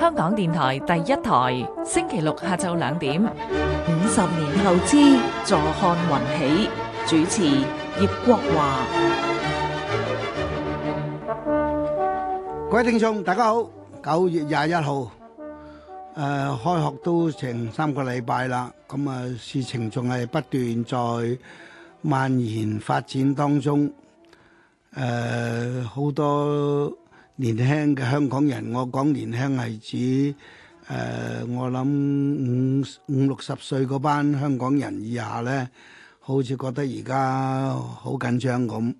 香港電台第一台，星期六下晝兩點。五十年後之，坐看雲起。主持葉國華。各位聽眾，大家好。九月廿一號，誒，開學都成三個禮拜啦。咁啊，事情仲係不斷在蔓延發展當中。誒呃，好多年輕嘅香港人，我講年輕係指誒，呃，我諗五五六十歲嗰班香港人以下咧，好似覺得而家好緊張，咁。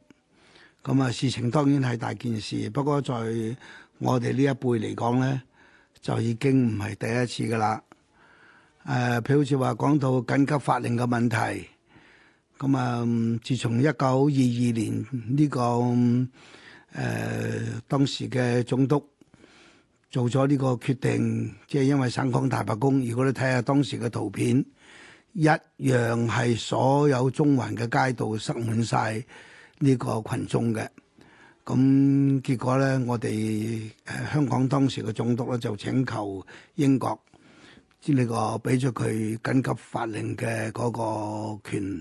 咁啊，事情當然係大件事，不過在我哋呢一輩嚟講咧，就已經唔係第一次噶啦。誒，呃，譬如好似話講到緊急法令嘅問題。咁啊！自從一九二二年呢個誒當時嘅總督做咗呢個決定，即係因為省港大罷工。如果你睇下當時嘅圖片，一樣係所有中環嘅街道塞滿曬呢個羣眾嘅。咁結果咧，我哋誒香港當時嘅總督咧就請求英國，知呢個俾咗佢緊急法令嘅嗰個權。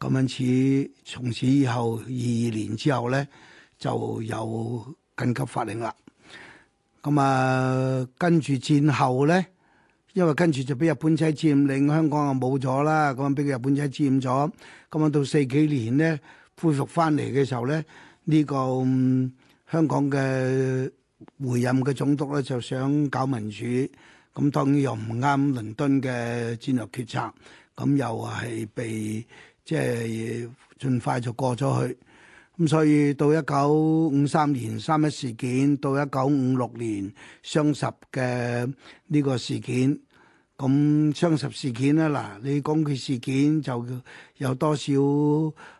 咁樣似，從此以後二年之後咧，就有緊急法令啦。咁啊，跟住戰後咧，因為跟住就俾日本仔佔領，香港啊冇咗啦。咁樣俾個日本仔佔咗。咁啊到四幾年咧，恢復翻嚟嘅時候咧，呢個香港嘅回任嘅總督咧就想搞民主。咁當然又唔啱倫敦嘅戰略決策。咁又係被。即係盡快就過咗去，咁所以到一九五三年三一事件，到一九五六年雙十嘅呢個事件，咁雙十事件呢嗱，你講佢事件就有多少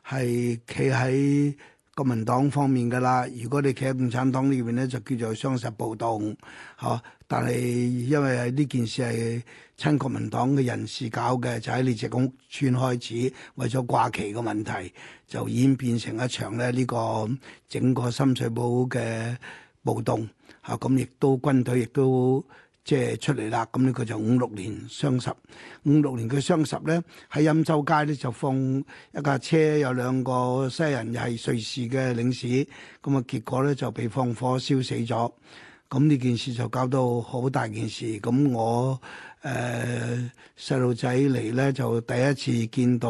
係企喺國民黨方面噶啦，如果你企喺共產黨裏邊咧，就叫做雙十暴動，吓、啊。但係因為係呢件事係親國民黨嘅人士搞嘅，就喺李鄭屋村開始，為咗掛旗嘅問題，就演變成一場咧呢、這個整個深水埗嘅暴動，吓、啊。咁亦都軍隊亦都。即係出嚟啦，咁呢，佢就五六年雙十，五六年佢雙十咧喺欽州街咧就放一架車，有兩個西人又係瑞士嘅領事，咁、嗯、啊結果咧就被放火燒死咗，咁、嗯、呢件事就搞到好大件事，咁、嗯、我。誒細路仔嚟咧，就第一次見到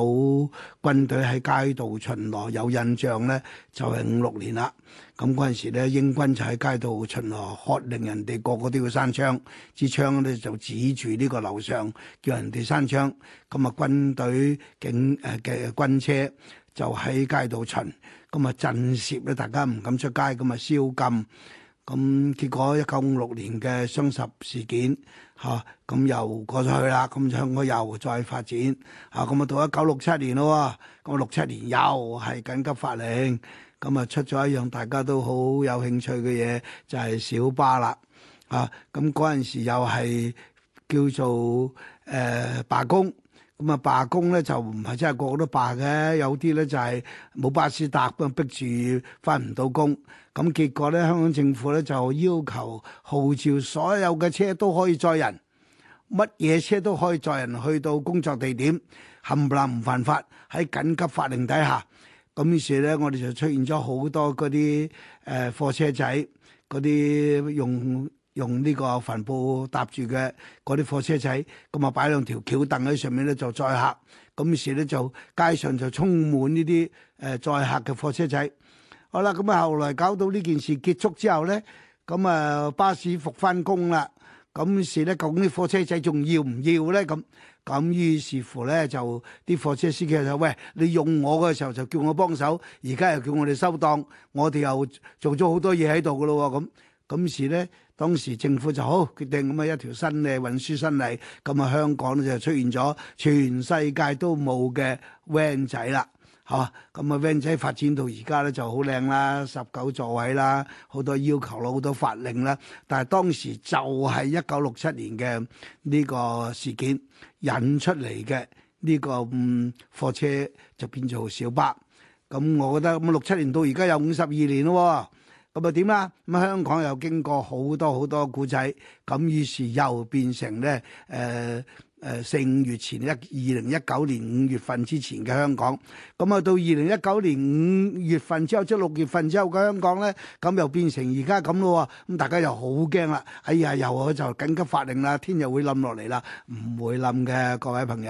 軍隊喺街度巡邏，有印象咧就係五六年啦。咁嗰陣時咧，英軍就喺街度巡邏，喝令人哋個個都要閂窗，支槍咧就指住呢個樓上叫人哋閂窗。咁啊軍隊警誒嘅軍車就喺街度巡，咁啊震懾咧大家唔敢出街，咁啊宵禁。咁結果一九五六年嘅雙十事件嚇，咁又過咗去啦，咁香港又再發展嚇，咁啊到一九六七年咯，咁六七年又係緊急法令，咁啊出咗一樣大家都好有興趣嘅嘢，就係、是、小巴啦嚇，咁嗰陣時又係叫做誒、呃、罷工。咁啊，罷工咧就唔係真係個個都罷嘅，有啲咧就係冇巴士搭啊，逼住翻唔到工。咁結果咧，香港政府咧就要求號召所有嘅車都可以載人，乜嘢車都可以載人去到工作地點，冚唪唥唔犯法。喺緊急法令底下，咁於是咧，我哋就出現咗好多嗰啲誒貨車仔嗰啲用。用呢個帆布搭住嘅嗰啲貨車仔，咁啊擺兩條橋凳喺上面咧就載客，咁時咧就街上就充滿呢啲誒載客嘅貨車仔。好啦，咁啊後來搞到呢件事結束之後咧，咁啊巴士復翻工啦，咁時咧究竟啲貨車仔仲要唔要咧？咁咁於是乎咧就啲貨車司機就喂，你用我嘅時候就叫我幫手，而家又叫我哋收檔，我哋又做咗好多嘢喺度噶咯喎咁。咁時咧，當時政府就好決定咁啊一條新嘅運輸新例，咁啊香港就出現咗全世界都冇嘅 van 仔啦，嚇！咁啊 van 仔發展到而家咧就好靚啦，十九座位啦，好多要求啦，好多法令啦。但係當時就係一九六七年嘅呢個事件引出嚟嘅呢個嗯貨車就變做小巴。咁、嗯、我覺得咁六七年到而家有五十二年咯喎。咁啊點啊，咁香港又經過好多好多古仔，咁於是又變成咧誒。呃誒四五月前一二零一九年五月份之前嘅香港，咁、嗯、啊到二零一九年五月份之後，即六月份之後嘅香港呢，咁、嗯、又變成而家咁咯，咁大家又好驚啦！哎呀，又就緊急法令啦，天又會冧落嚟啦，唔會冧嘅，各位朋友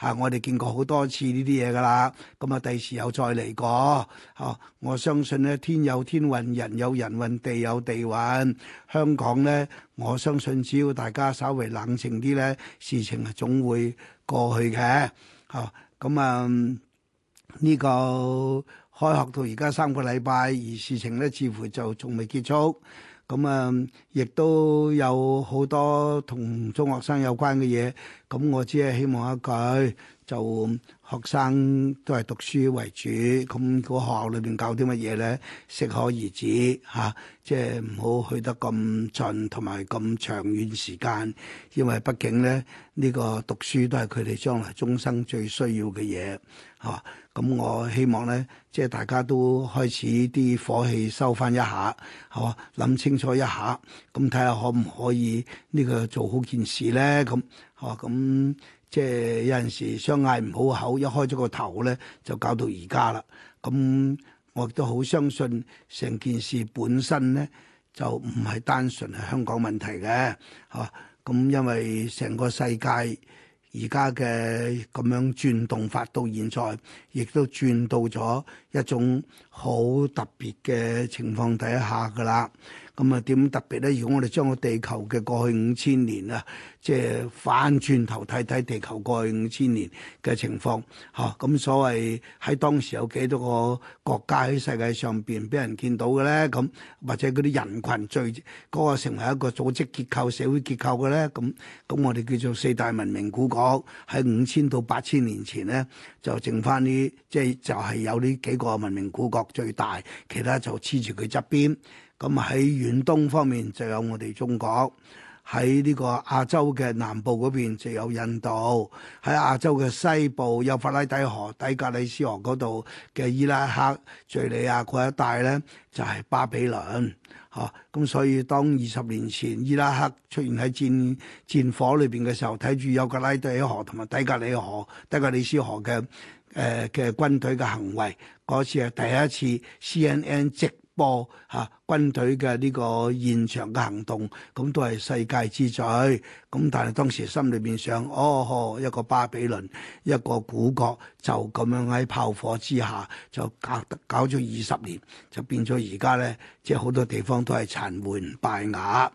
吓、啊，我哋見過好多次呢啲嘢噶啦，咁、嗯、啊第時候再嚟過，哦、啊，我相信呢，天有天運，人有人運，地有地運，香港呢。我相信只要大家稍微冷靜啲呢，事情係總會過去嘅。嚇、啊，咁啊呢個開學到而家三個禮拜，而事情呢，似乎就仲未結束。咁、嗯、啊，亦都有好多同中學生有關嘅嘢。咁、嗯、我只係希望一句。就學生都係讀書為主，咁個學校裏邊教啲乜嘢咧？適可而止嚇，即係唔好去得咁盡同埋咁長遠時間，因為畢竟咧呢個讀書都係佢哋將來終生最需要嘅嘢嚇。咁、啊、我希望咧，即係大家都開始啲火氣收翻一下，嚇、啊，諗清楚一下，咁睇下可唔可以呢個做好件事咧？咁嚇咁。啊啊即係有陣時相嗌唔好口，一開咗個頭咧，就搞到而家啦。咁我亦都好相信成件事本身咧，就唔係單純係香港問題嘅，嚇、啊。咁因為成個世界而家嘅咁樣轉動法，到現在，亦都轉到咗一種好特別嘅情況底下噶啦，咁啊點特別咧？如果我哋將個地球嘅過去五千年啊，即係反轉頭睇睇地球過去五千年嘅情況吓，咁所謂喺當時有幾多個國家喺世界上邊俾人見到嘅咧？咁或者嗰啲人群聚嗰個成為一個組織結構、社會結構嘅咧？咁咁我哋叫做四大文明古國，喺五千到八千年前咧，就剩翻啲即係就係有呢幾個。個文明古國最大，其他就黐住佢側邊。咁喺遠東方面就有我哋中國，喺呢個亞洲嘅南部嗰邊就有印度，喺亞洲嘅西部有法拉底河、底格里斯河嗰度嘅伊拉克、敘利亞嗰一帶咧，就係、是、巴比倫。吓，咁所以當二十年前伊拉克出現喺戰戰火裏邊嘅時候，睇住有格拉底河同埋底格里斯河、底格里斯河嘅誒嘅軍隊嘅行為。嗰次係第一次 C N N 直播嚇、啊、軍隊嘅呢個現場嘅行動，咁、啊、都係世界之最。咁、啊、但係當時心裏邊想，哦，一個巴比倫，一個古國，就咁樣喺炮火之下就搞搞咗二十年，就變咗而家咧，即係好多地方都係殘垣敗瓦。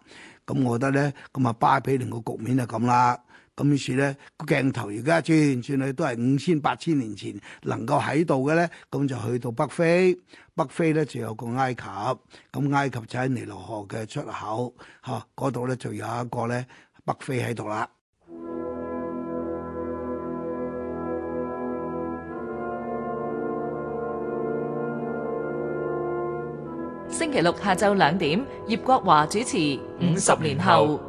咁、啊啊、我覺得咧，咁啊巴比倫個局面就咁啦。咁於是咧，個鏡頭而家轉轉去都係五千八千年前能夠喺度嘅咧，咁就去到北非。北非咧就有個埃及，咁埃及就喺尼羅河嘅出口，嚇嗰度咧就有一個咧北非喺度啦。星期六下晝兩點，葉國華主持《五十年後》。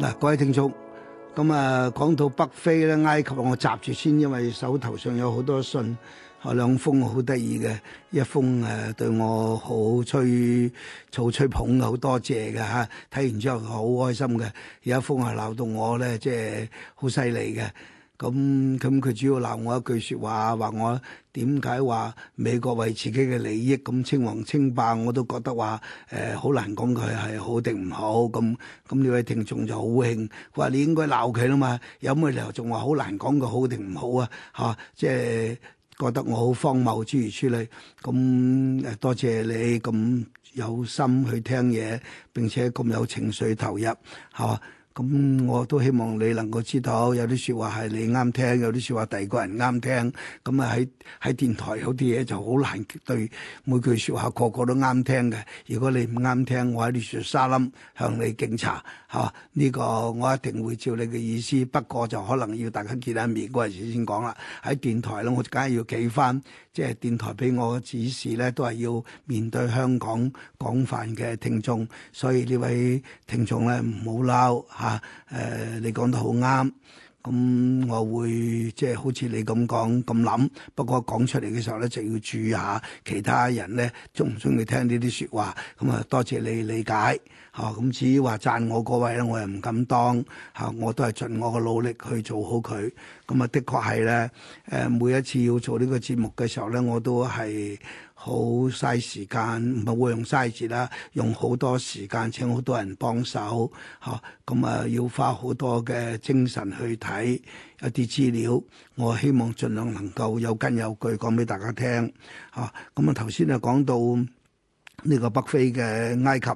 嗱，各位聽眾，咁啊講到北非咧，埃及我閂住先，因為手頭上有好多信，兩封好得意嘅，一封誒對我好吹，燥吹捧，好多謝嘅嚇，睇完之後好開心嘅，有一封係鬧到我咧，即係好犀利嘅。咁咁佢主要鬧我一句説話，話我點解話美國為自己嘅利益咁稱王稱霸，我都覺得話誒好難講佢係好定唔好。咁咁呢位聽眾就好興，佢話你應該鬧佢啦嘛，有咩理由仲話好難講佢好定唔好啊？嚇，即係覺得我好荒謬，諸如此類。咁多謝你咁有心去聽嘢，並且咁有情緒投入，嚇。咁我都希望你能夠知道，有啲説話係你啱聽，有啲説話第二個人啱聽。咁啊喺喺電台有啲嘢就好難對每句説話個個都啱聽嘅。如果你唔啱聽，我喺啲雪沙冧向你敬茶吓。呢個我一定會照你嘅意思，不過就可能要大家見下面嗰陣時先講啦。喺電台咧，我梗係要記翻，即係電台俾我嘅指示咧，都係要面對香港廣泛嘅聽眾，所以呢位聽眾咧唔好嬲。啊，誒、呃，你講得好啱，咁、嗯、我會即係好似你咁講咁諗，不過講出嚟嘅時候咧，就要注意下其他人咧中唔中意聽呢啲説話，咁、嗯、啊，多謝你理解。嚇，咁至於話讚我嗰位咧，我又唔敢當嚇，我都係盡我嘅努力去做好佢。咁啊，的確係咧。誒，每一次要做呢個節目嘅時候咧，我都係好嘥時間，唔係會用嘥字啦，用好多時間請好多人幫手嚇。咁啊，要花好多嘅精神去睇一啲資料，我希望儘量能夠有根有據講俾大家聽嚇。咁啊，頭先啊講到呢個北非嘅埃及。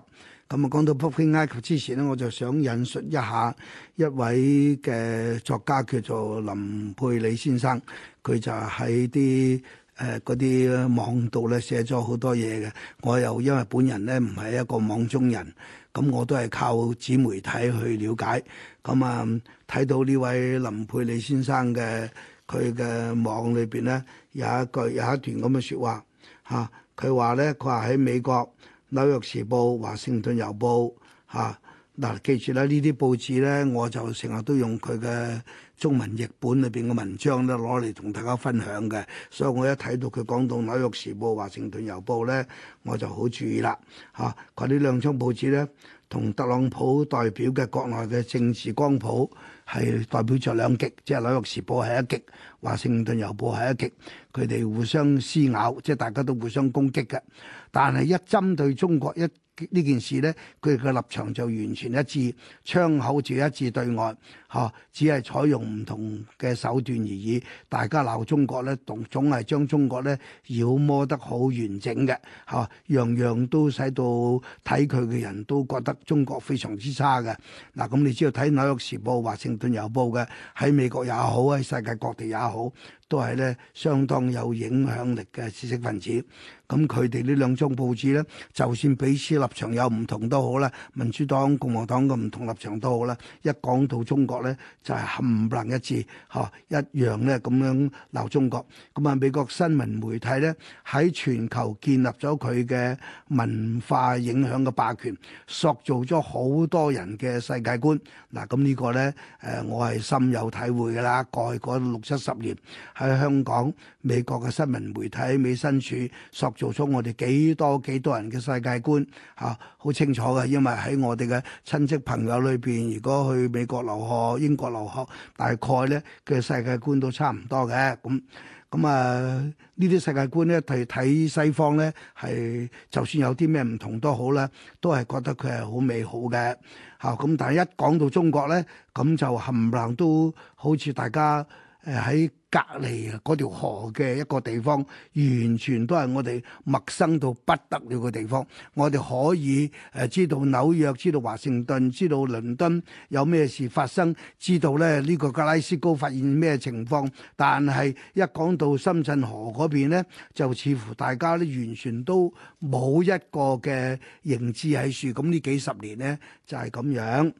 咁啊，講到北京埃及之前咧，我就想引述一下一位嘅作家叫做林佩里先生，佢就喺啲誒嗰啲網度咧寫咗好多嘢嘅。我又因為本人咧唔係一個網中人，咁我都係靠紙媒體去了解。咁、嗯、啊，睇到呢位林佩里先生嘅佢嘅網裏邊咧，有一句有一段咁嘅説話嚇，佢話咧佢話喺美國。紐約時報、華盛頓郵報，嚇、啊、嗱、啊，記住啦，呢啲報紙咧，我就成日都用佢嘅中文譯本裏邊嘅文章咧，攞嚟同大家分享嘅，所以我一睇到佢講到紐約時報、華盛頓郵報咧，我就好注意啦吓。佢、啊、呢兩張報紙咧，同特朗普代表嘅國內嘅政治光譜係代表著兩極，即係紐約時報係一極，華盛頓郵報係一極，佢哋互相撕咬，即係大家都互相攻擊嘅。但係一針對中國一呢件事咧，佢哋嘅立場就完全一致，窗口就一致對外。吓，只係採用唔同嘅手段而已。大家鬧中國咧，總總係將中國咧妖魔得好完整嘅吓，樣樣都使到睇佢嘅人都覺得中國非常之差嘅。嗱，咁你知道睇《紐約時報》《華盛頓郵報》嘅喺美國也好，喺世界各地也好，都係咧相當有影響力嘅知識分子。咁佢哋呢兩張報紙咧，就算彼此立場有唔同都好啦，民主黨、共和黨嘅唔同立場都好啦，一講到中國，咧就係冚唪唥一致，嗬一樣咧咁樣鬧中國。咁啊，美國新聞媒體咧喺全球建立咗佢嘅文化影響嘅霸權，塑造咗好多人嘅世界觀。嗱，咁呢個咧誒，我係深有體會㗎啦。過去嗰六七十年喺香港，美國嘅新聞媒體、美新處塑造咗我哋幾多幾多人嘅世界觀，嚇好清楚嘅。因為喺我哋嘅親戚朋友裏邊，如果去美國留學，英國留學，大概咧嘅世界觀都差唔多嘅，咁咁啊呢啲世界觀咧，睇睇西方咧，係就算有啲咩唔同都好啦，都係覺得佢係好美好嘅嚇。咁、嗯、但係一講到中國咧，咁就冚唪唥都好似大家。誒喺隔離嗰條河嘅一個地方，完全都係我哋陌生到不得了嘅地方。我哋可以誒、呃、知道紐約、知道華盛頓、知道倫敦有咩事發生，知道咧呢、這個格拉斯高發現咩情況，但係一講到深圳河嗰邊咧，就似乎大家咧完全都冇一個嘅認知喺處。咁、嗯、呢幾十年咧就係、是、咁樣。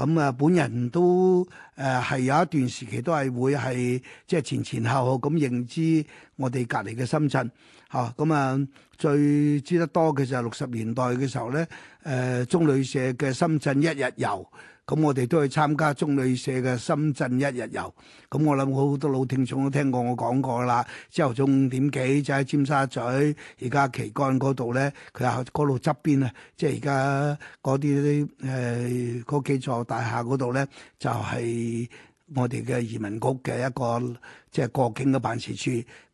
咁啊，本人都誒，係有一段時期都係會，係即係前前後後咁認知我哋隔籬嘅深圳吓。咁啊最知得多嘅就係六十年代嘅時候咧，誒，中旅社嘅深圳一日遊。咁我哋都去參加中旅社嘅深圳一日遊。咁我諗好多老聽眾都聽過我講過啦。朝頭早五點幾就喺尖沙咀，而家旗杆嗰度咧，佢啊嗰度側邊啊，即係而家嗰啲誒嗰幾座大廈嗰度咧，就係我哋嘅移民局嘅一個。即係過境嘅辦事處，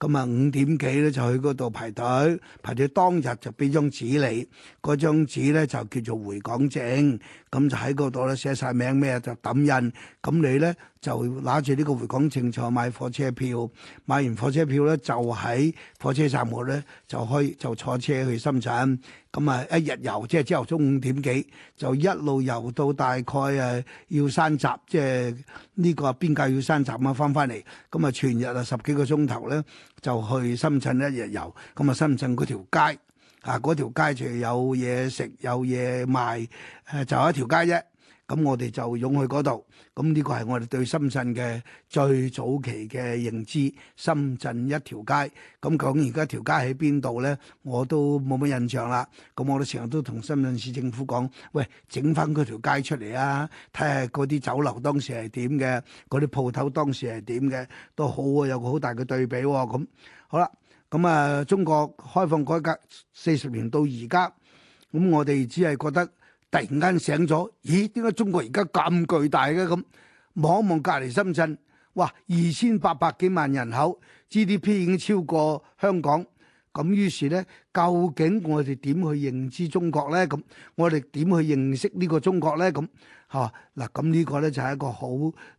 咁啊五點幾咧就去嗰度排隊，排隊當日就俾張紙你，張紙咧就叫做回港證，咁就喺嗰度咧寫晒名咩就抌印，咁你咧就拿住呢個回港證坐買火車票，買完火車票咧就喺火車站度咧就開就坐車去深圳，咁啊一日遊，即係朝頭早五點幾就一路遊到大概誒要山閘，即係呢個邊界要山閘啊，翻翻嚟，咁啊全日啊，十幾個鐘頭咧，就去深圳一日遊。咁啊，深圳嗰條街啊，嗰條街有有有就有嘢食，有嘢賣，誒，就一條街啫。咁我哋就湧去嗰度，咁呢個係我哋對深圳嘅最早期嘅認知。深圳一條街，咁講而家條街喺邊度咧，我都冇乜印象啦。咁我哋成日都同深圳市政府講，喂，整翻嗰條街出嚟啊，睇下嗰啲酒樓當時係點嘅，嗰啲鋪頭當時係點嘅，都好喎、啊，有個好大嘅對比喎、哦。咁好啦，咁啊，中國開放改革四十年到而家，咁我哋只係覺得。突然間醒咗，咦？點解中國而家咁巨大嘅咁？望一望隔籬深圳，哇！二千八百幾萬人口，GDP 已經超過香港。咁於是咧，究竟我哋點去認知中國咧？咁我哋點去認識呢個中國咧？咁吓嗱，咁、啊、呢個咧就係一個好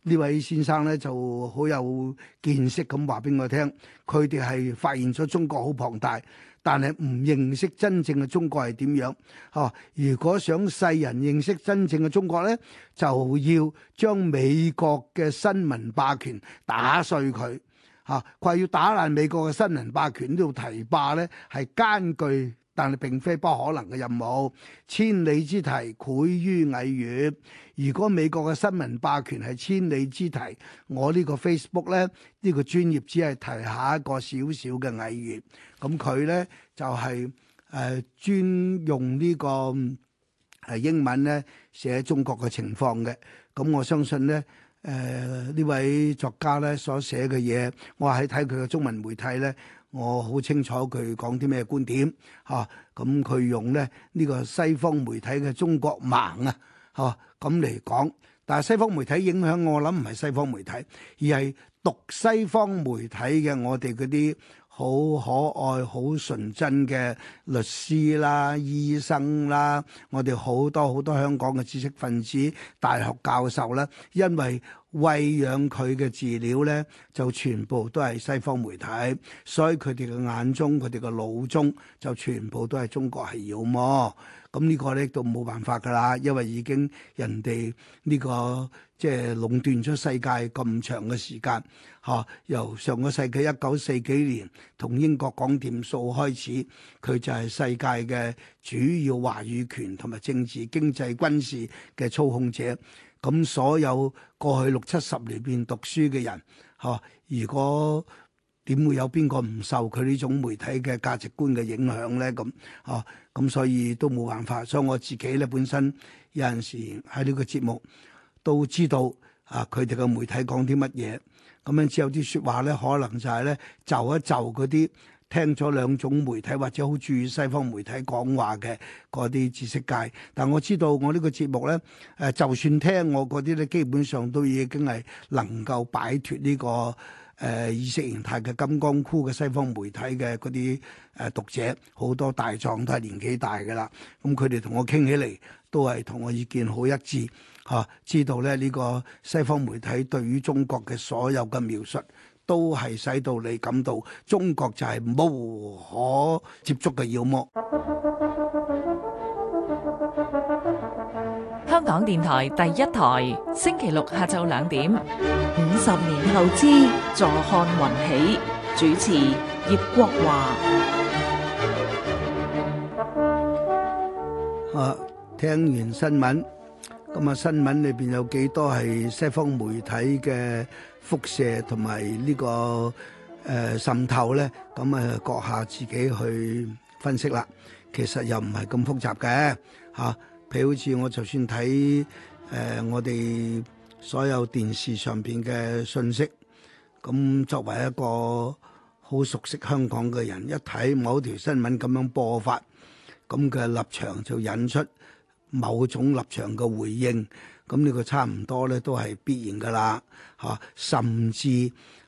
呢位先生咧就好有見識咁話俾我聽，佢哋係發現咗中國好龐大。但係唔認識真正嘅中國係點樣？吓、啊，如果想世人認識真正嘅中國呢，就要將美國嘅新聞霸權打碎佢，吓、啊，佢話要打爛美國嘅新聞霸權呢度提霸呢係艱巨。但係並非不可能嘅任務，千里之堤，潰於蟻穴。如果美國嘅新聞霸權係千里之堤，我呢個 Facebook 咧，呢個專業只係提下一個小小嘅蟻穴。咁佢咧就係誒專用呢個係英文咧寫中國嘅情況嘅。咁、嗯、我相信咧，誒、呃、呢位作家咧所寫嘅嘢，我喺睇佢嘅中文媒體咧。我好清楚佢講啲咩觀點嚇，咁、啊、佢用咧呢、這個西方媒體嘅中國盲啊嚇，咁嚟講，但係西方媒體影響我諗唔係西方媒體，而係讀西方媒體嘅我哋嗰啲好可愛、好純真嘅律師啦、醫生啦，我哋好多好多香港嘅知識分子、大學教授啦，因為，餵養佢嘅飼料呢，就全部都係西方媒體，所以佢哋嘅眼中，佢哋嘅腦中就全部都係中國係妖魔。咁呢個呢，都冇辦法噶啦，因為已經人哋呢、呢個即係壟斷咗世界咁長嘅時間，嚇、啊、由上個世紀一九四幾年同英國講掂數開始，佢就係世界嘅主要話語權同埋政治、經濟、軍事嘅操控者。咁所有過去六七十年邊讀書嘅人，嚇、啊，如果點會有邊個唔受佢呢種媒體嘅價值觀嘅影響咧？咁、啊，嚇、啊，咁、啊、所以都冇辦法。所以我自己咧，本身有陣時喺呢個節目都知道啊，佢哋嘅媒體講啲乜嘢，咁樣只有啲説話咧，可能就係咧就一就嗰啲。聽咗兩種媒體或者好注意西方媒體講話嘅嗰啲知識界，但我知道我呢個節目呢，誒就算聽我嗰啲咧，基本上都已經係能夠擺脱呢個誒意識形態嘅金剛箍嘅西方媒體嘅嗰啲誒讀者，好多大狀都係年紀大㗎啦，咁佢哋同我傾起嚟都係同我意見好一致，嚇、啊、知道咧呢個西方媒體對於中國嘅所有嘅描述。都係使到你感到中國就係冇可接觸嘅妖魔。香港電台第一台，星期六下晝兩點，五十年後之坐看雲起，主持葉國華。啊，聽完新聞。咁啊，新聞裏邊有幾多係西方媒體嘅輻射同埋呢個誒滲透咧？咁啊，閣下自己去分析啦。其實又唔係咁複雜嘅嚇。譬如好似我就算睇誒我哋所有電視上邊嘅信息，咁作為一個好熟悉香港嘅人，一睇某條新聞咁樣播發，咁嘅立場就引出。某種立場嘅回應，咁、這、呢個差唔多咧，都係必然噶啦嚇。甚至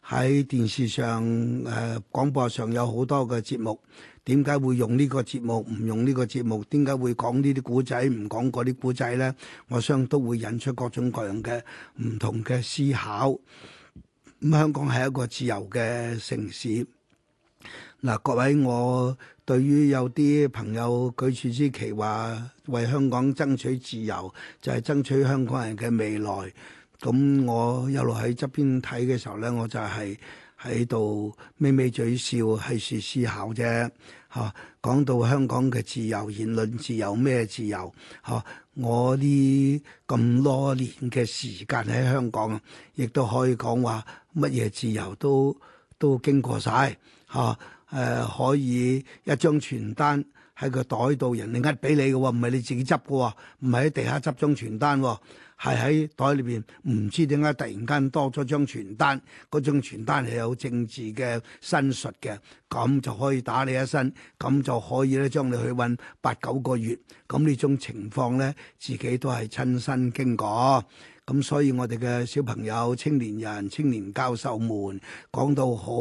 喺電視上、誒、呃、廣播上有好多嘅節目，點解會用呢個節目？唔用呢個節目？點解會講呢啲古仔？唔講嗰啲古仔咧？我相信都會引出各種各樣嘅唔同嘅思考。咁、嗯、香港係一個自由嘅城市。嗱、呃，各位我。對於有啲朋友舉住支旗，話為香港爭取自由，就係、是、爭取香港人嘅未來。咁我一路喺側邊睇嘅時候咧，我就係喺度咪咪嘴笑，喺度思考啫。嚇、啊，講到香港嘅自由、言論自由咩自由？嚇、啊，我呢咁多年嘅時間喺香港，亦都可以講話乜嘢自由都都經過晒。嚇、啊。誒、呃、可以一張傳單喺個袋度，人哋呃俾你嘅喎、哦，唔係你自己執嘅喎，唔係喺地下執張傳單喎、哦，係喺袋裏邊唔知點解突然間多咗張傳單，嗰張傳單係有政治嘅申述嘅，咁就可以打你一身，咁就可以咧將你去揾八九個月，咁呢種情況呢，自己都係親身經過。咁、嗯、所以，我哋嘅小朋友、青年人、青年教授們講到好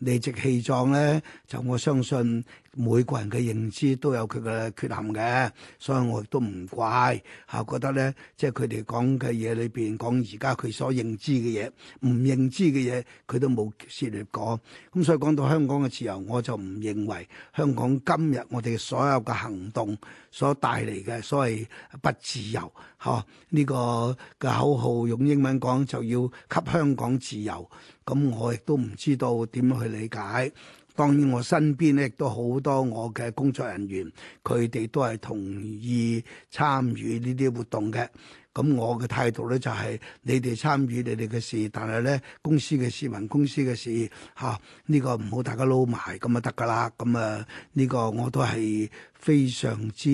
理直氣壯呢，就我相信每個人嘅認知都有佢嘅缺陷嘅，所以我亦都唔怪嚇覺得呢，即係佢哋講嘅嘢裏邊講而家佢所認知嘅嘢，唔認知嘅嘢佢都冇涉嚟講。咁、嗯、所以講到香港嘅自由，我就唔認為香港今日我哋所有嘅行動。所帶嚟嘅所謂不自由，嗬？呢個嘅口號用英文講，就要給香港自由。咁我亦都唔知道點樣去理解。當然，我身邊咧亦都好多我嘅工作人員，佢哋都係同意參與呢啲活動嘅。咁我嘅態度咧就係、是、你哋參與你哋嘅事，但係咧公司嘅市民公司嘅事嚇，呢、啊這個唔好大家撈埋咁啊得㗎啦，咁啊呢個我都係非常之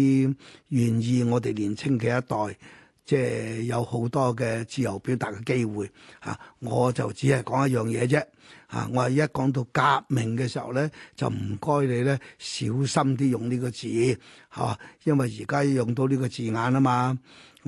願意，我哋年青嘅一代即係、就是、有好多嘅自由表達嘅機會嚇、啊，我就只係講一樣嘢啫嚇，我係一講到革命嘅時候咧，就唔該你咧小心啲用呢個字嚇、啊，因為而家用到呢個字眼啊嘛。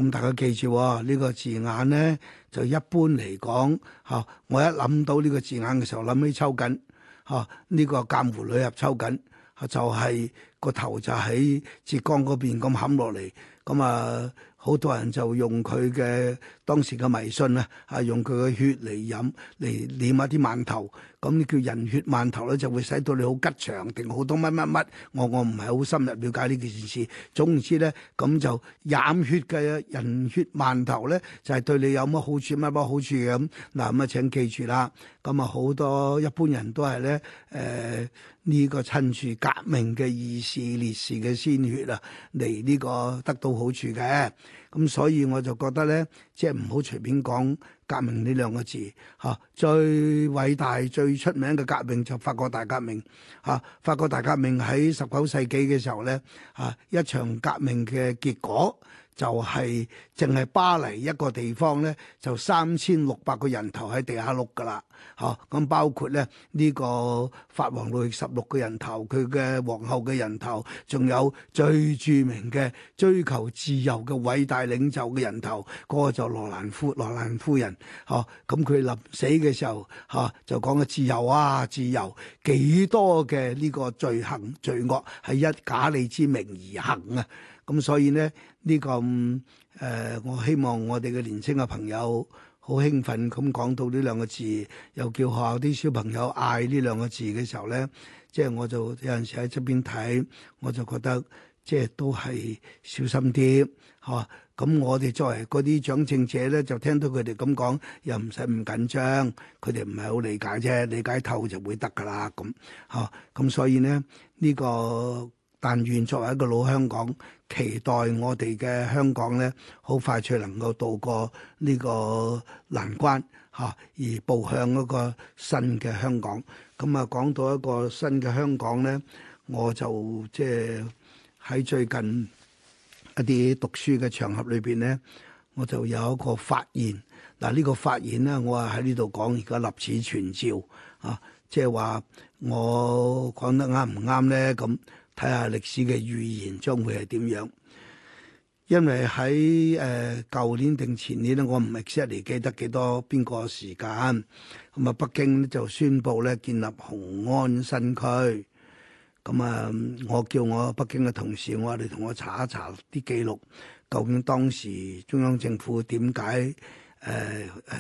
咁大家記住喎，呢個字眼咧，就一般嚟講，嚇我一諗到呢個字眼嘅時候，諗起秋瑾，嚇、這、呢個鑑湖女俠秋瑾，嚇就係、是、個頭就喺浙江嗰邊咁冚落嚟，咁啊，好多人就用佢嘅。當時嘅迷信咧，啊用佢嘅血嚟飲，嚟黏一啲饅頭，咁叫人血饅頭咧，就會使到你好吉祥定好多乜乜乜。我我唔係好深入了解呢件事，總之咧，咁就飲血嘅人血饅頭咧，就係對你有乜好處乜乜好處嘅。咁嗱咁啊，請記住啦。咁啊，好多一般人都係咧，誒呢個趁住革命嘅烈士烈士嘅鮮血啊，嚟呢個得到好處嘅。咁所以我就覺得咧，即係唔好隨便講革命呢兩個字嚇。最偉大、最出名嘅革命就法國大革命嚇、啊。法國大革命喺十九世紀嘅時候咧嚇、啊，一場革命嘅結果。就係淨係巴黎一個地方咧，就三千六百個人頭喺地下碌噶啦，嚇咁包括咧呢、呢個法王路易十六個人頭，佢嘅皇后嘅人頭，仲有最著名嘅追求自由嘅偉大領袖嘅人頭，嗰個就羅蘭夫羅蘭夫人。嚇咁佢臨死嘅時候嚇，就講嘅自由啊，自由幾多嘅呢個罪行、罪惡係一假你之名而行啊，咁所以呢。呢、這個誒、呃，我希望我哋嘅年青嘅朋友好興奮咁講到呢兩個字，又叫學校啲小朋友嗌呢兩個字嘅時候咧，即係我就有陣時喺出邊睇，我就覺得即係都係小心啲嚇。咁、嗯、我哋作為嗰啲長政者咧，就聽到佢哋咁講，又唔使唔緊張。佢哋唔係好理解啫，理解透就會得噶啦咁嚇。咁、嗯、所以咧，呢、這個。但願作為一個老香港，期待我哋嘅香港咧，好快脆能夠渡過呢個難關嚇、啊，而步向一個新嘅香港。咁啊，講到一個新嘅香港咧，我就即係喺最近一啲讀書嘅場合裏邊咧，我就有一個發言。嗱、啊，呢、這個發言咧，我啊喺呢度講而家立此存照啊，即係話我講得啱唔啱咧？咁睇下歷史嘅預言將會係點樣，因為喺誒舊年定前年咧，我唔 exactly 記得幾多邊個時間，咁啊北京就宣布咧，建立雄安新區，咁啊我叫我北京嘅同事，我話你同我查一查啲記錄，究竟當時中央政府點解？誒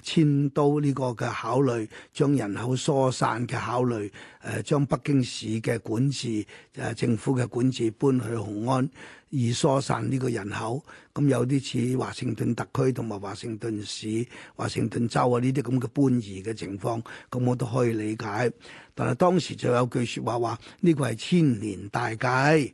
遷、嗯、都呢個嘅考慮，將人口疏散嘅考慮，誒、呃、將北京市嘅管治，誒、呃、政府嘅管治搬去雄安，而疏散呢個人口，咁、嗯、有啲似華盛頓特區同埋華盛頓市、華盛頓州啊呢啲咁嘅搬移嘅情況，咁、嗯、我都可以理解。但係當時就有句説話話，呢個係千年大計。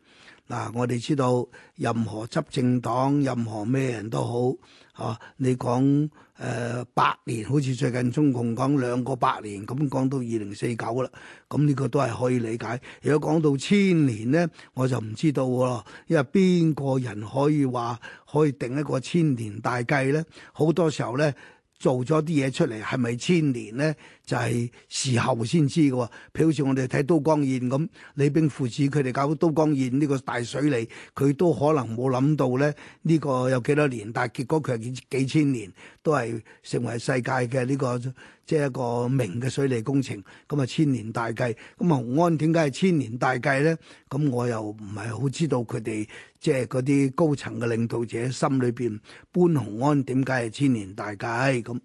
嗱，我哋知道任何執政黨，任何咩人都好，嚇、啊、你講。誒、呃、百年好似最近中共講兩個百年，咁講到二零四九啦，咁呢個都係可以理解。如果講到千年咧，我就唔知道喎，因為邊個人可以話可以定一個千年大計咧？好多時候咧，做咗啲嘢出嚟係咪千年咧？就係事後先知嘅喎，譬如好似我哋睇都江堰咁，李冰父子佢哋搞都江堰呢個大水利，佢都可能冇諗到咧，呢個有幾多年，但係結果佢係幾千年都係成為世界嘅呢個即係一個名嘅水利工程。咁啊千年大計，咁啊雄安點解係千年大計咧？咁我又唔係好知道佢哋即係嗰啲高層嘅領導者心裏邊搬雄安點解係千年大計咁。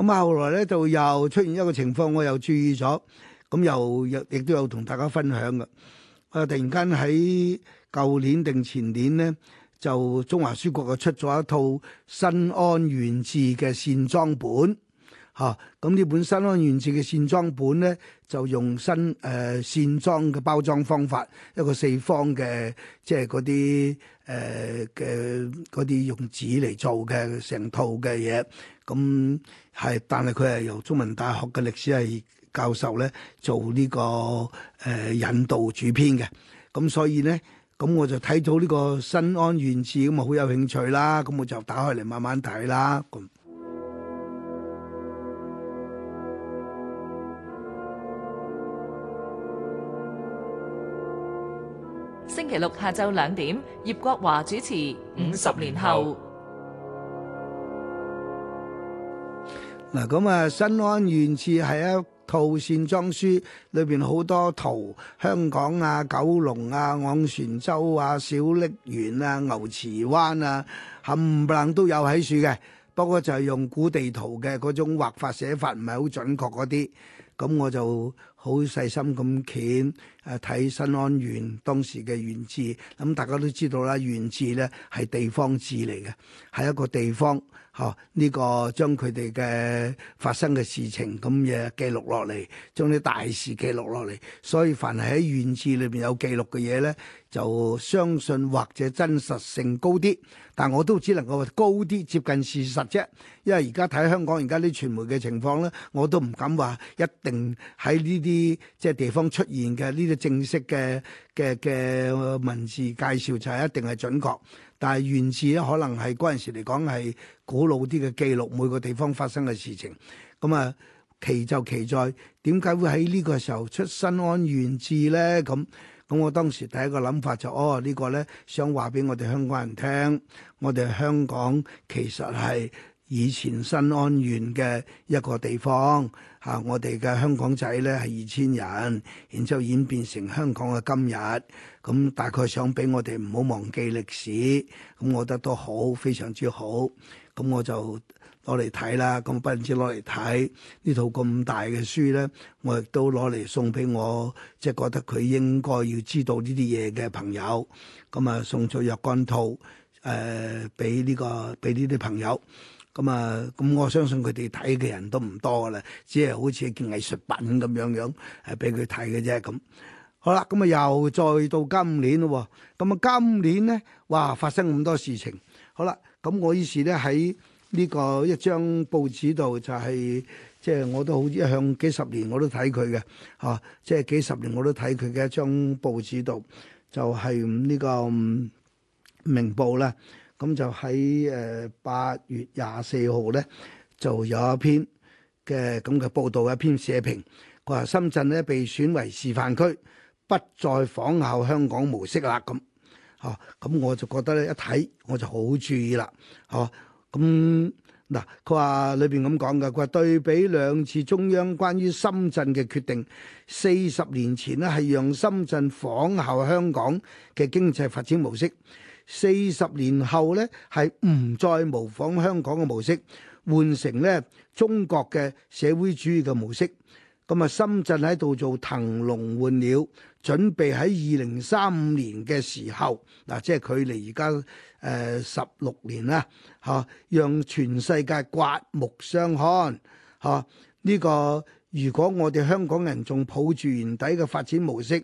咁啊，後來咧就又出現一個情況，我又注意咗，咁又亦亦都有同大家分享嘅。啊，突然間喺舊年定前年咧，就中華書局啊出咗一套《新安縣志》嘅線裝本。啊，咁呢本新安縣志嘅線裝本咧，就用新誒、呃、線裝嘅包裝方法，一個四方嘅即係嗰啲誒嘅啲用紙嚟做嘅成套嘅嘢，咁係，但係佢係由中文大學嘅歷史系教授咧做呢、這個誒、呃、引導主編嘅，咁所以咧，咁我就睇到呢、這個新安縣志咁啊，好有興趣啦，咁我就打開嚟慢慢睇啦，咁。星期六下晝兩點，葉國華主持《五十年後》。嗱，咁啊，新安縣志係一套線裝書，裏邊好多圖，香港啊、九龍啊、昂船洲啊、小瀝源啊、牛池灣啊，冚唪唥都有喺書嘅。不過就係用古地圖嘅嗰種畫法寫法，唔係好準確嗰啲。咁我就好細心咁剪。睇新安縣當時嘅縣志，咁、嗯、大家都知道啦，縣志咧係地方志嚟嘅，係一個地方，吓、啊、呢、這個將佢哋嘅發生嘅事情咁嘢記錄落嚟，將啲大事記錄落嚟，所以凡係喺縣志裏邊有記錄嘅嘢咧，就相信或者真實性高啲，但我都只能夠高啲接近事實啫。因為而家睇香港而家啲傳媒嘅情況咧，我都唔敢話一定喺呢啲即係地方出現嘅呢啲。正式嘅嘅嘅文字介紹就係一定係準確，但係縣志咧可能係嗰陣時嚟講係古老啲嘅記錄每個地方發生嘅事情，咁啊奇就奇在點解會喺呢個時候出新安縣志咧？咁咁我當時第一個諗法就係、哦、呢個、呢個咧想話俾我哋香港人聽，我哋香港其實係。以前新安縣嘅一個地方，嚇、啊、我哋嘅香港仔咧係二千人，然之後演變成香港嘅今日，咁、嗯、大概想俾我哋唔好忘記歷史，咁、嗯、我覺得都好非常之好，咁、嗯、我就攞嚟睇啦，咁、嗯、不只攞嚟睇呢套咁大嘅書咧，我亦都攞嚟送俾我即係覺得佢應該要知道呢啲嘢嘅朋友，咁、嗯、啊送咗若干套誒俾呢個俾呢啲朋友。咁啊，咁我相信佢哋睇嘅人都唔多噶啦，只係好似一件藝術品咁樣樣，係俾佢睇嘅啫。咁好啦，咁啊又再到今年咯喎，咁啊今年咧，哇發生咁多事情。好啦，咁我於是咧喺呢個一張報紙度就係，即係我都好一向幾十年我都睇佢嘅，嚇，即係幾十年我都睇佢嘅一張報紙度，就係呢個明報啦。.咁就喺誒八月廿四號咧，就有一篇嘅咁嘅報道，一篇社評，佢話深圳咧被選為示範區，不再仿效香港模式啦。咁嚇咁我就覺得咧一睇我就好注意啦。嚇咁嗱，佢話裏邊咁講嘅，佢、啊、話對比兩次中央關於深圳嘅決定，四十年前呢係讓深圳仿效香港嘅經濟發展模式。四十年後呢，係唔再模仿香港嘅模式，換成呢中國嘅社會主義嘅模式。咁啊，深圳喺度做騰籠換鳥，準備喺二零三五年嘅時候，嗱、啊，即係距離而家誒十六年啦，嚇、啊，讓全世界刮目相看，嚇、啊、呢、呢個如果我哋香港人仲抱住原底嘅發展模式，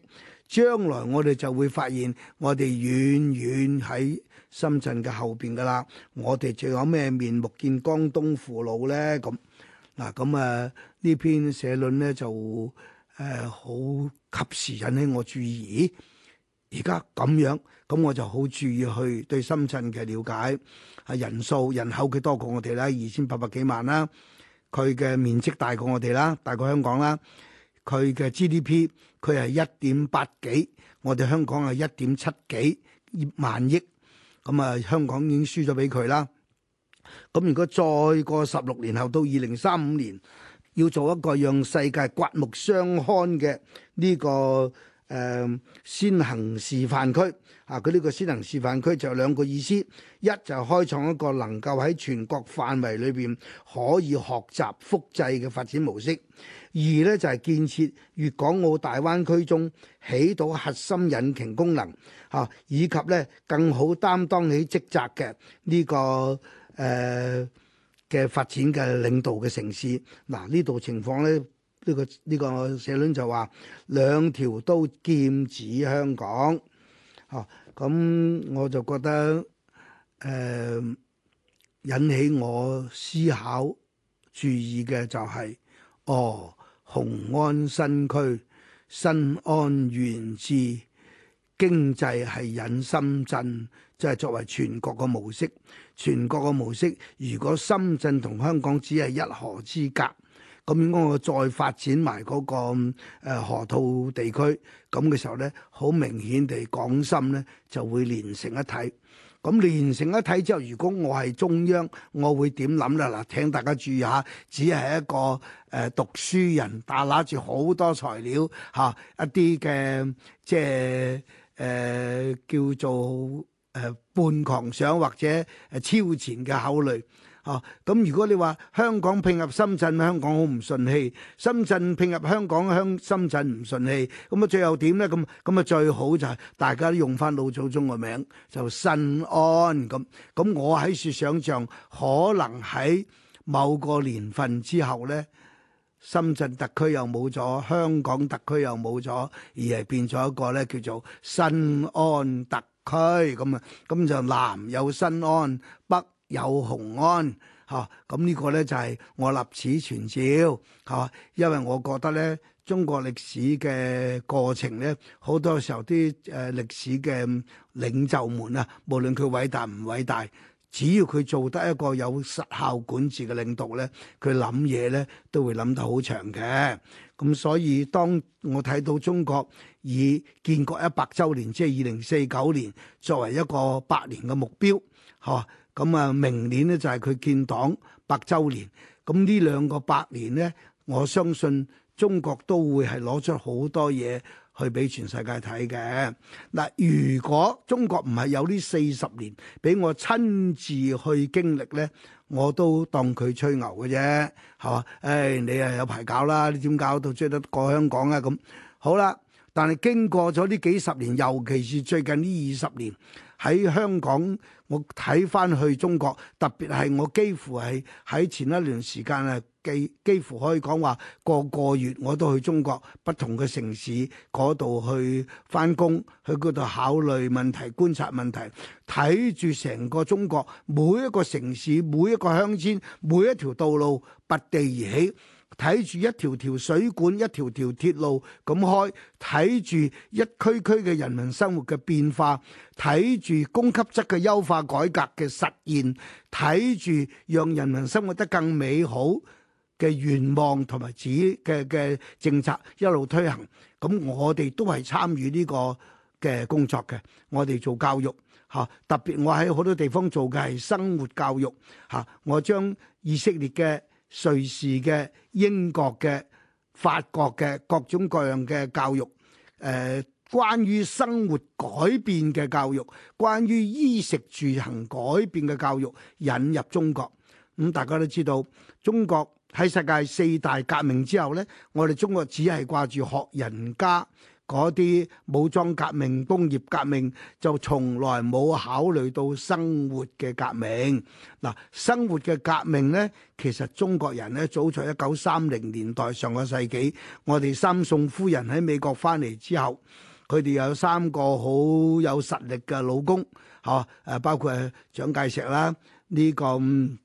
將來我哋就會發現我遠遠，我哋遠遠喺深圳嘅後邊㗎喇。我哋仲有咩面目見江東父老咧？咁嗱，咁啊呢篇社論咧就誒好、呃、及時引起我注意。而家咁樣，咁我就好注意去對深圳嘅了解。係人數人口嘅多過我哋啦，二千八百幾萬啦。佢嘅面積大過我哋啦，大過香港啦。佢嘅 GDP 佢係一點八幾，我哋香港係一點七幾萬億，咁啊香港已經輸咗俾佢啦。咁如果再過十六年後到二零三五年，要做一個讓世界刮目相看嘅呢個。誒先行示範區啊！佢呢個先行示範區就兩個意思，一就開創一個能夠喺全國範圍裏邊可以學習複製嘅發展模式；二呢，就係、是、建設粵港澳大灣區中起到核心引擎功能，嚇、啊，以及咧更好擔當起職責嘅呢、這個誒嘅、呃、發展嘅領導嘅城市。嗱、啊，呢度情況呢。呢個呢個社論就話兩條都劍指香港，嚇、哦、咁我就覺得誒、呃、引起我思考注意嘅就係、是、哦，雄安新區、新安源自經濟係引深圳，即、就、係、是、作為全國嘅模式。全國嘅模式，如果深圳同香港只係一河之隔。咁如果我再發展埋、那、嗰個、呃、河套地區，咁嘅時候咧，好明顯地港深咧就會連成一體。咁連成一體之後，如果我係中央，我會點諗咧？嗱，請大家注意下，只係一個誒、呃、讀書人，打攞住好多材料吓，一啲嘅即係誒、呃、叫做誒、呃、半狂想或者超前嘅考慮。啊！咁如果你話香港拼入深圳，香港好唔順氣；深圳拼入香港，香深圳唔順氣。咁啊，最後點呢？咁咁啊，最好就係、是、大家都用返老祖宗個名，就新安咁。咁我喺度想像，可能喺某個年份之後呢，深圳特區又冇咗，香港特區又冇咗，而係變咗一個呢叫做新安特區咁啊！咁就南有新安，北有雄安嚇，咁、啊、呢、這個呢就係、是、我立此存照嚇，因為我覺得呢中國歷史嘅過程呢，好多時候啲誒、呃、歷史嘅領袖們啊，無論佢偉大唔偉大，只要佢做得一個有實效管治嘅領導呢，佢諗嘢呢都會諗得好長嘅。咁、啊、所以當我睇到中國以建國一百週年，即係二零四九年作為一個百年嘅目標嚇。啊咁啊，明年咧就係佢建黨百周年，咁呢兩個百年咧，我相信中國都會係攞出好多嘢去俾全世界睇嘅。嗱，如果中國唔係有呢四十年俾我親自去經歷咧，我都當佢吹牛嘅啫，係嘛？誒、哎，你呀有排搞啦，你點搞到追得過香港啊？咁好啦，但係經過咗呢幾十年，尤其是最近呢二十年。喺香港，我睇翻去中國，特別係我幾乎係喺前一段時間啊，幾幾乎可以講話個個月我都去中國不同嘅城市嗰度去翻工，去嗰度考慮問題、觀察問題，睇住成個中國每一個城市、每一個鄉村、每一條道路拔地而起。睇住一條條水管、一條條鐵路咁開，睇住一區區嘅人民生活嘅變化，睇住供給側嘅優化改革嘅實現，睇住讓人民生活得更美好嘅願望同埋指嘅嘅政策一路推行，咁我哋都係參與呢個嘅工作嘅。我哋做教育吓，特別我喺好多地方做嘅係生活教育吓，我將以色列嘅。瑞士嘅、英國嘅、法國嘅各種各樣嘅教育，誒、呃，關於生活改變嘅教育，關於衣食住行改變嘅教育，引入中國。咁、嗯、大家都知道，中國喺世界四大革命之後呢，我哋中國只係掛住學人家。嗰啲武裝革命、工業革命就從來冇考慮到生活嘅革命。嗱，生活嘅革命咧，其實中國人咧，早在一九三零年代上個世紀，我哋三宋夫人喺美國翻嚟之後，佢哋有三個好有實力嘅老公，嚇、啊，誒包括誒蔣介石啦，呢、呢個誒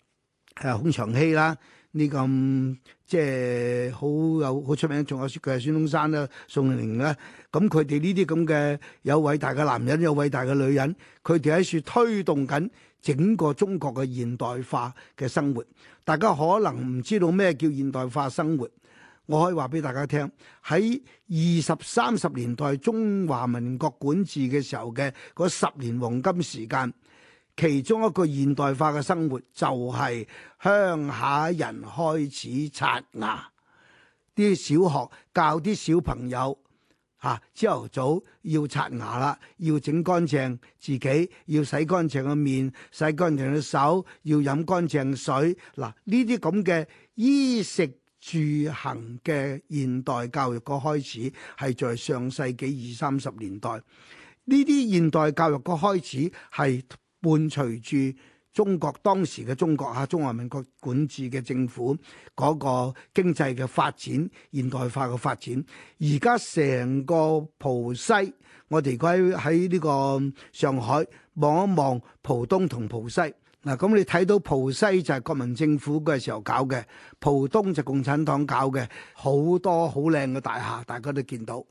孔祥熙啦。呢咁、這個、即係好有好出名，仲有佢係孫中山啦、宋慶齡啦，咁佢哋呢啲咁嘅有偉大嘅男人、有偉大嘅女人，佢哋喺處推動緊整個中國嘅現代化嘅生活。大家可能唔知道咩叫現代化生活，我可以話俾大家聽：喺二十三十年代中華民國管治嘅時候嘅十年黃金時間。其中一個現代化嘅生活就係鄉下人開始刷牙，啲小學教啲小朋友啊朝頭早要刷牙啦，要整乾淨自己，要洗乾淨嘅面，洗乾淨嘅手，要飲乾淨水。嗱，呢啲咁嘅衣食住行嘅現代教育個開始係在上世紀二三十年代。呢啲現代教育個開始係。伴隨住中國當時嘅中國啊，中華民國管治嘅政府嗰個經濟嘅發展、現代化嘅發展。而家成個浦西，我哋而家喺呢個上海望一望浦東同浦西嗱。咁你睇到浦西就係國民政府嘅時候搞嘅，浦東就共產黨搞嘅，好多好靚嘅大廈，大家都見到。